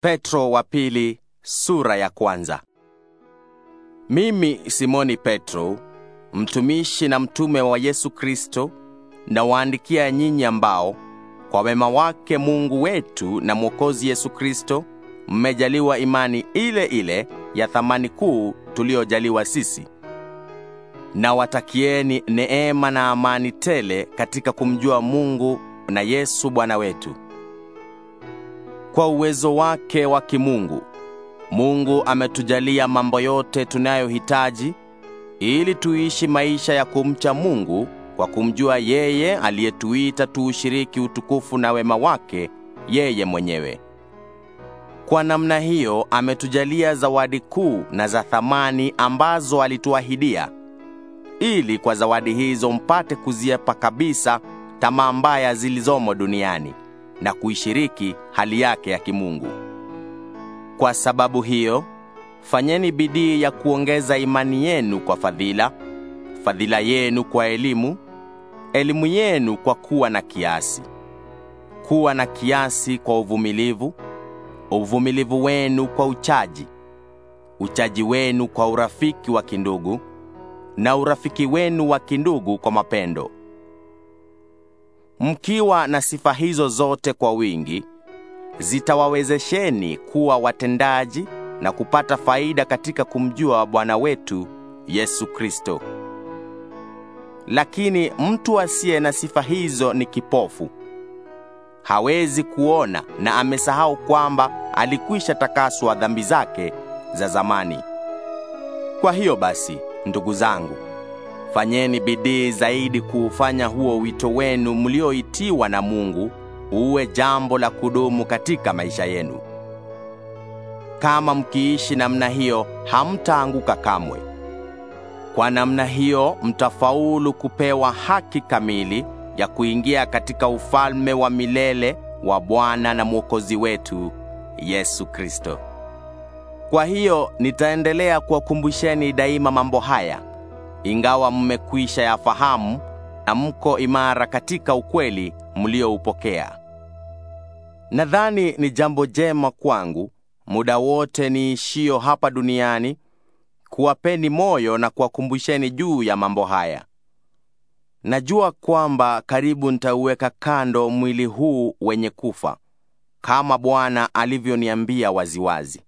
Petro wa pili sura ya kwanza. Mimi Simoni Petro, mtumishi na mtume wa Yesu Kristo, nawaandikia nyinyi ambao kwa wema wake Mungu wetu na Mwokozi Yesu Kristo mmejaliwa imani ile ile ya thamani kuu tuliyojaliwa sisi. Nawatakieni neema na amani tele katika kumjua Mungu na Yesu Bwana wetu kwa uwezo wake wa kimungu. Mungu ametujalia mambo yote tunayohitaji ili tuishi maisha ya kumcha Mungu kwa kumjua yeye aliyetuita tuushiriki utukufu na wema wake yeye mwenyewe. Kwa namna hiyo ametujalia zawadi kuu na za thamani ambazo alituahidia, ili kwa zawadi hizo mpate kuziepa kabisa tamaa mbaya zilizomo duniani na kuishiriki hali yake ya kimungu. Kwa sababu hiyo, fanyeni bidii ya kuongeza imani yenu kwa fadhila, fadhila yenu kwa elimu, elimu yenu kwa kuwa na kiasi, kuwa na kiasi kwa uvumilivu, uvumilivu wenu kwa uchaji, uchaji wenu kwa urafiki wa kindugu, na urafiki wenu wa kindugu kwa mapendo. Mkiwa na sifa hizo zote kwa wingi, zitawawezesheni kuwa watendaji na kupata faida katika kumjua Bwana wetu Yesu Kristo. Lakini mtu asiye na sifa hizo ni kipofu. Hawezi kuona na amesahau kwamba alikwisha takaswa dhambi zake za zamani. Kwa hiyo basi, ndugu zangu, Fanyeni bidii zaidi kuufanya huo wito wenu mlioitiwa na Mungu uwe jambo la kudumu katika maisha yenu. Kama mkiishi namna hiyo, hamtaanguka kamwe. Kwa namna hiyo mtafaulu kupewa haki kamili ya kuingia katika ufalme wa milele wa Bwana na Mwokozi wetu Yesu Kristo. Kwa hiyo nitaendelea kuwakumbusheni daima mambo haya ingawa mmekwisha yafahamu na mko imara katika ukweli mlioupokea. Nadhani ni jambo jema kwangu muda wote niishio hapa duniani kuwapeni moyo na kuwakumbusheni juu ya mambo haya. Najua kwamba karibu nitauweka kando mwili huu wenye kufa kama Bwana alivyoniambia waziwazi.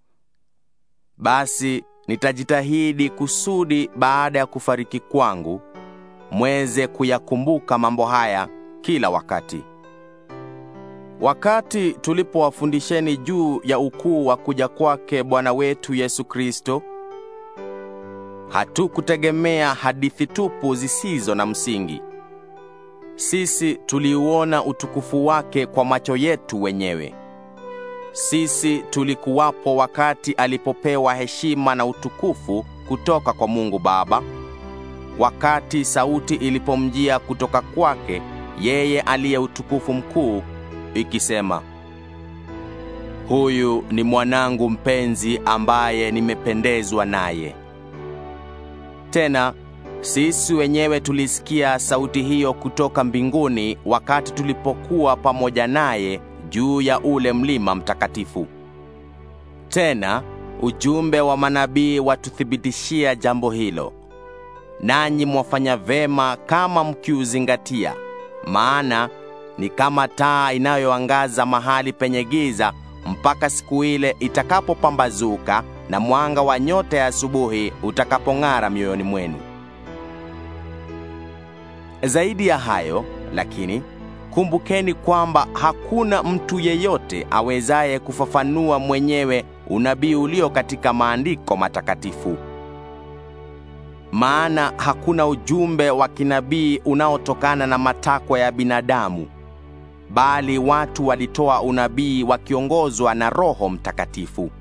Basi Nitajitahidi kusudi baada ya kufariki kwangu mweze kuyakumbuka mambo haya kila wakati. Wakati tulipowafundisheni juu ya ukuu wa kuja kwake Bwana wetu Yesu Kristo, hatukutegemea hadithi tupu zisizo na msingi. Sisi tuliuona utukufu wake kwa macho yetu wenyewe. Sisi tulikuwapo wakati alipopewa heshima na utukufu kutoka kwa Mungu Baba. Wakati sauti ilipomjia kutoka kwake yeye aliye utukufu mkuu ikisema, Huyu ni mwanangu mpenzi ambaye nimependezwa naye. Tena sisi wenyewe tulisikia sauti hiyo kutoka mbinguni wakati tulipokuwa pamoja naye juu ya ule mlima mtakatifu. Tena ujumbe wa manabii watuthibitishia jambo hilo. Nanyi mwafanya vema kama mkiuzingatia, maana ni kama taa inayoangaza mahali penye giza mpaka siku ile itakapopambazuka na mwanga wa nyota ya asubuhi utakapong'ara mioyoni mwenu. Zaidi ya hayo lakini Kumbukeni kwamba hakuna mtu yeyote awezaye kufafanua mwenyewe unabii ulio katika maandiko matakatifu. Maana hakuna ujumbe wa kinabii unaotokana na matakwa ya binadamu, bali watu walitoa unabii wakiongozwa na Roho Mtakatifu.